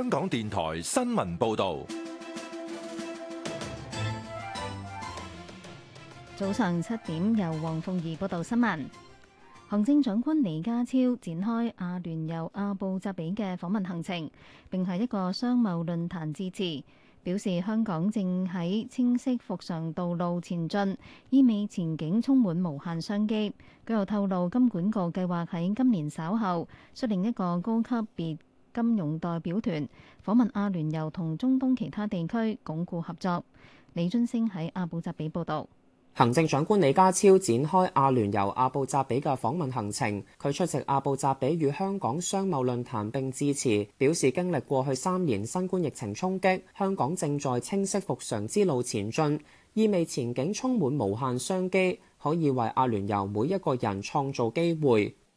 香港電台新聞報道，早上七點由黃鳳儀報道新聞。行政長官李家超展開阿聯酋阿布扎比嘅訪問行程，並喺一個商貿論壇致辭，表示香港正喺清晰、復常道路前進，意味前景充滿無限商機。佢又透露，金管局計劃喺今年稍後率領一個高級別。金融代表團訪問阿聯酋同中東其他地區鞏固合作。李津星喺阿布扎比報道。行政長官李家超展開阿聯酋阿布扎比嘅訪問行程，佢出席阿布扎比與香港商貿論壇並致辭，表示經歷過去三年新冠疫情衝擊，香港正在清晰復常之路前進，意味前景充滿無限商機，可以為阿聯酋每一個人創造機會。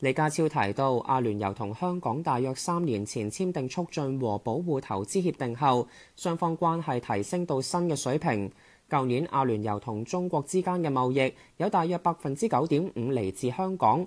李家超提到，阿聯酋同香港大約三年前簽訂促進和保護投資協定後，雙方關係提升到新嘅水平。舊年阿聯酋同中國之間嘅貿易有大約百分之九點五嚟自香港。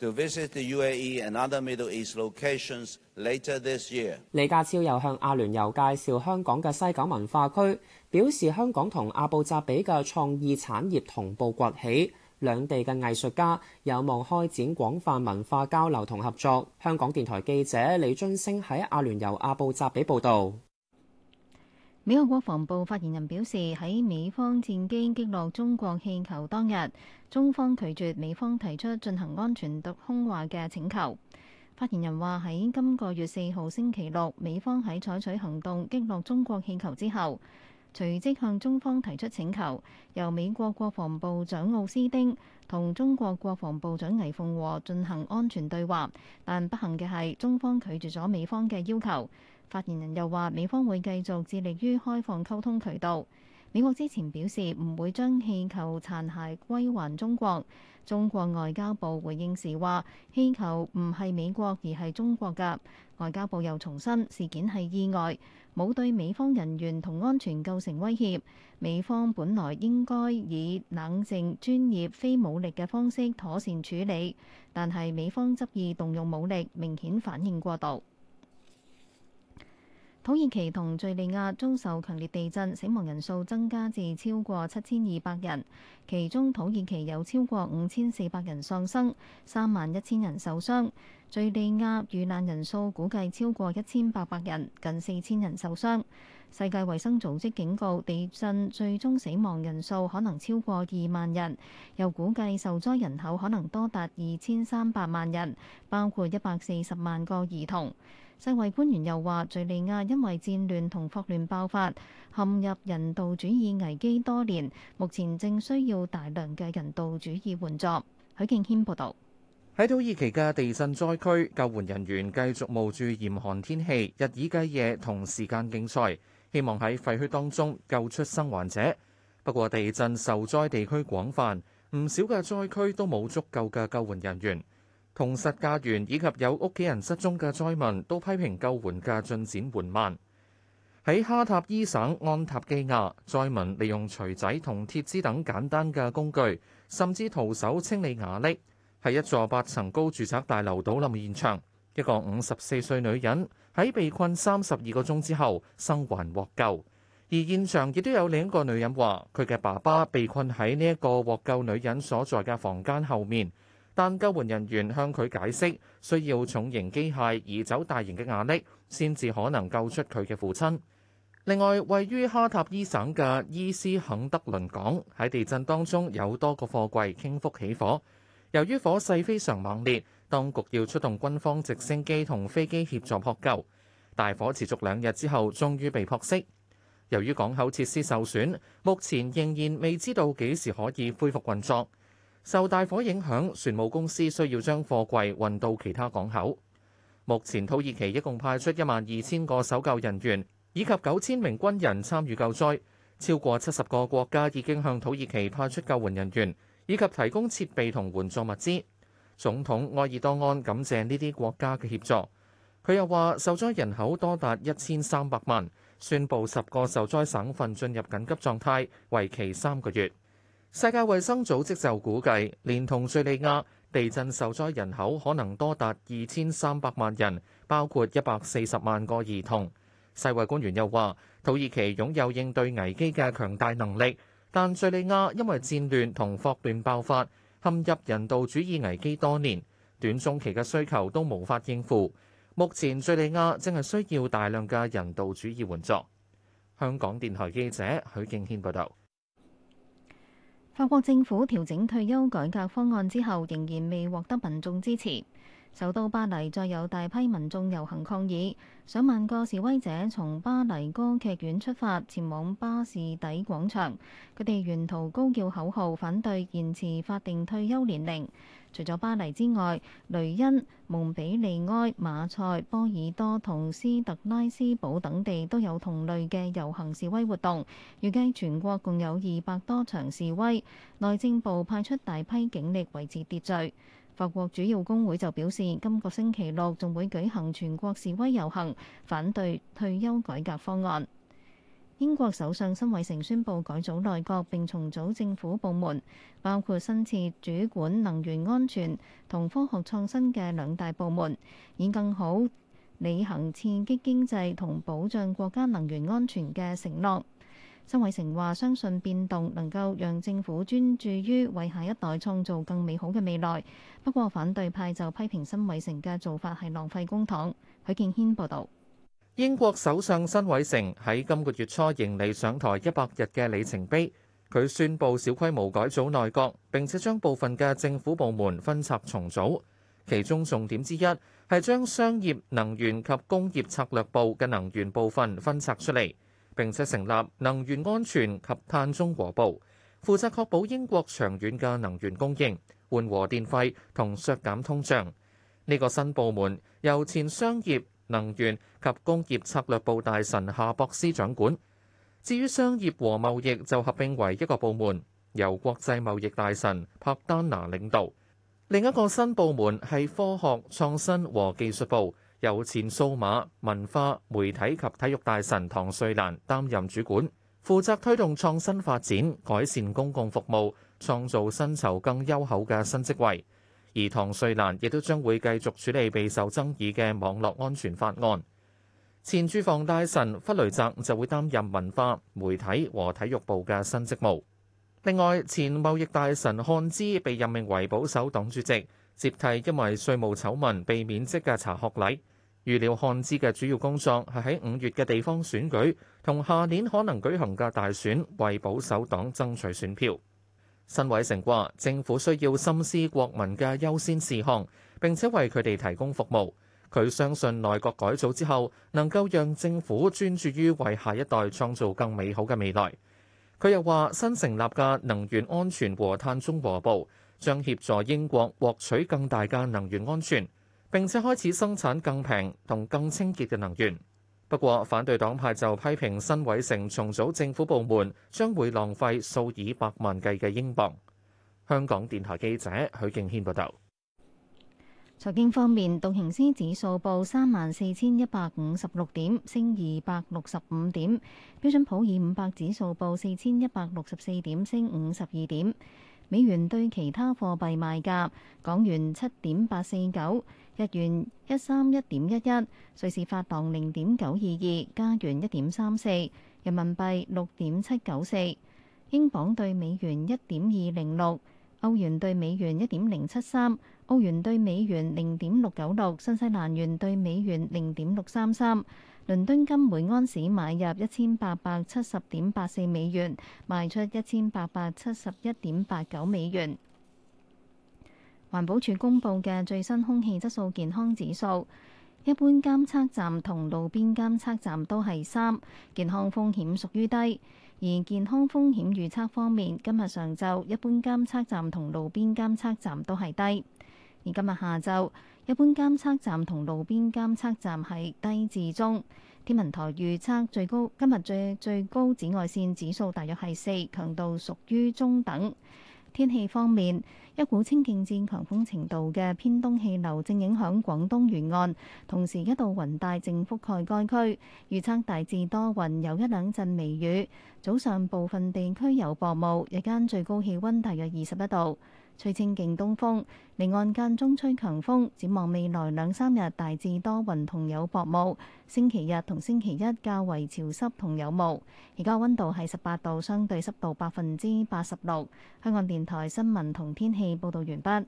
To visit the UAE and other Middle East locations later this year. 李家超又向阿聯酋介紹香港嘅西九文化區，表示香港同阿布扎比嘅創意產業同步崛起，兩地嘅藝術家有望開展廣泛文化交流同合作。香港電台記者李津星喺阿聯酋阿布扎比報道。美國國防部發言人表示，喺美方戰機擊落中國氣球當日，中方拒絕美方提出進行安全對話嘅請求。發言人話：喺今個月四號星期六，美方喺採取行動擊落中國氣球之後，隨即向中方提出請求，由美國國防部長奧斯丁同中國國防部長魏鳳和進行安全對話，但不幸嘅係，中方拒絕咗美方嘅要求。發言人又話：美方會繼續致力於開放溝通渠道。美國之前表示唔會將氣球殘骸歸還中國。中國外交部回應時話：氣球唔係美國而係中國㗎。外交部又重申事件係意外，冇對美方人員同安全構成威脅。美方本來應該以冷靜、專業、非武力嘅方式妥善處理，但係美方執意動用武力，明顯反應過度。土耳其同敘利亞遭受強烈地震，死亡人數增加至超過七千二百人，其中土耳其有超過五千四百人喪生，三萬一千人受傷；敘利亞遇難人數估計超過一千八百人，近四千人受傷。世界衛生組織警告，地震最終死亡人數可能超過二萬人，又估計受災人口可能多達二千三百萬人，包括一百四十萬個兒童。世衛官員又話，敍利亞因為戰亂同霍亂爆發，陷入人道主義危機多年，目前正需要大量嘅人道主義援助。許敬軒報導。喺土耳其嘅地震災區，救援人員繼續冒住嚴寒天氣，日以繼夜同時間競賽，希望喺廢墟當中救出生還者。不過，地震受災地區廣泛，唔少嘅災區都冇足夠嘅救援人員。同實價員以及有屋企人失蹤嘅災民都批評救援嘅進展緩慢。喺哈塔伊省安塔基亞，災民利用錘仔同鐵枝等簡單嘅工具，甚至徒手清理瓦礫。係一座八層高住宅大樓倒冧嘅現場，一個五十四歲女人喺被困三十二個鐘之後生還獲救。而現場亦都有另一個女人話：佢嘅爸爸被困喺呢一個獲救女人所在嘅房間後面。但救援人員向佢解釋，需要重型機械移走大型嘅瓦礫，先至可能救出佢嘅父親。另外，位於哈塔伊省嘅伊斯肯德倫港喺地震當中有多個貨櫃傾覆起火，由於火勢非常猛烈，當局要出動軍方直升機同飛機協助撲救。大火持續兩日之後，終於被撲熄。由於港口設施受損，目前仍然未知道幾時可以恢復運作。受大火影響，船務公司需要將貨櫃運到其他港口。目前土耳其一共派出一萬二千個搜救人員以及九千名軍人參與救災，超過七十個國家已經向土耳其派出救援人員以及提供設備同援助物資。總統埃爾多安感謝呢啲國家嘅協助。佢又話，受災人口多達一千三百萬，宣布十個受災省份進入緊急狀態，為期三個月。世界衛生組織就估計，連同敘利亞地震受災人口可能多達二千三百萬人，包括一百四十萬個兒童。世衛官員又話，土耳其擁有應對危機嘅強大能力，但敘利亞因為戰亂同霍亂爆發，陷入人道主義危機多年，短中期嘅需求都無法應付。目前敘利亞正係需要大量嘅人道主義援助。香港電台記者許敬軒報導。法國政府調整退休改革方案之後，仍然未獲得民眾支持。首都巴黎再有大批民眾遊行抗議，上萬個示威者從巴黎歌劇院出發，前往巴士底廣場。佢哋沿途高叫口號，反對延遲法定退休年齡。除咗巴黎之外，雷恩、蒙彼利埃、馬賽、波爾多同斯特拉斯堡等地都有同類嘅遊行示威活動。預計全國共有二百多場示威，內政部派出大批警力維持秩序。法國主要工會就表示，今個星期六仲會舉行全國示威遊行，反對退休改革方案。英國首相辛偉誠宣布改組內閣，並重組政府部門，包括新設主管能源安全同科學創新嘅兩大部門，以更好履行刺激經濟同保障國家能源安全嘅承諾。辛偉誠話：相信變動能夠讓政府專注於為下一代創造更美好嘅未來。不過，反對派就批評辛偉誠嘅做法係浪費公帑。許建軒報導。英國首相辛偉誠喺今個月初迎嚟上台一百日嘅里程碑，佢宣佈小規模改組內閣，並且將部分嘅政府部門分拆重組。其中重點之一係將商業、能源及工業策略部嘅能源部分分拆出嚟。並且成立能源安全及碳中和部，負責確保英國長遠嘅能源供應、緩和電費同削減通脹。呢個新部門由前商業、能源及工業策略部大臣夏博斯掌管。至於商業和貿易就合併為一個部門，由國際貿易大臣帕丹拿領導。另一個新部門係科學創新和技術部。由前數碼文化媒體及體育大臣唐瑞蘭擔任主管，負責推動創新發展、改善公共服務、創造薪酬更優厚嘅新職位。而唐瑞蘭亦都將會繼續處理備受爭議嘅網絡安全法案。前住房大臣弗雷澤就會擔任文化媒體和體育部嘅新職務。另外，前貿易大臣漢之被任命為保守黨主席，接替因為稅務醜聞被免職嘅查學禮。預料漢斯嘅主要工作係喺五月嘅地方選舉同下年可能舉行嘅大選，為保守黨爭取選票。辛偉誠話：政府需要深思國民嘅優先事項，並且為佢哋提供服務。佢相信內閣改組之後，能夠讓政府專注於為下一代創造更美好嘅未來。佢又話：新成立嘅能源安全和碳中和部將協助英國獲取更大嘅能源安全。並且開始生產更平同更清潔嘅能源。不過，反對黨派就批評新委成重組政府部門將會浪費數以百萬計嘅英鎊。香港電台記者許敬軒報導。財經方面，道瓊斯指數報三萬四千一百五十六點，升二百六十五點；標準普爾五百指數報四千一百六十四點，升五十二點。美元對其他貨幣賣價，港元七點八四九。日元一三一點一一，瑞士法郎零點九二二，加元一點三四，人民幣六點七九四，英鎊對美元一點二零六，歐元對美元一點零七三，澳元對美元零點六九六，新西蘭元對美元零點六三三。倫敦金每安士買入一千八百七十點八四美元，賣出一千八百七十一點八九美元。環保署公布嘅最新空氣質素健康指數，一般監測站同路邊監測站都係三，健康風險屬於低。而健康風險預測方面，今日上晝一般監測站同路邊監測站都係低。而今日下晝，一般監測站同路邊監測站係低至中。天文台預測最高，今日最最高紫外線指數大約係四，強度屬於中等。天氣方面，一股清勁至強風程度嘅偏東氣流正影響廣東沿岸，同時一道雲帶正覆蓋該區，預測大致多雲，有一兩陣微雨。早上部分地區有薄霧，日間最高氣溫大約二十一度。吹清勁東風，離岸間中吹強風。展望未來兩三日，大致多雲同有薄霧。星期日同星期一較為潮濕同有霧。而家溫度係十八度，相對濕度百分之八十六。香港電台新聞同天氣報道完畢。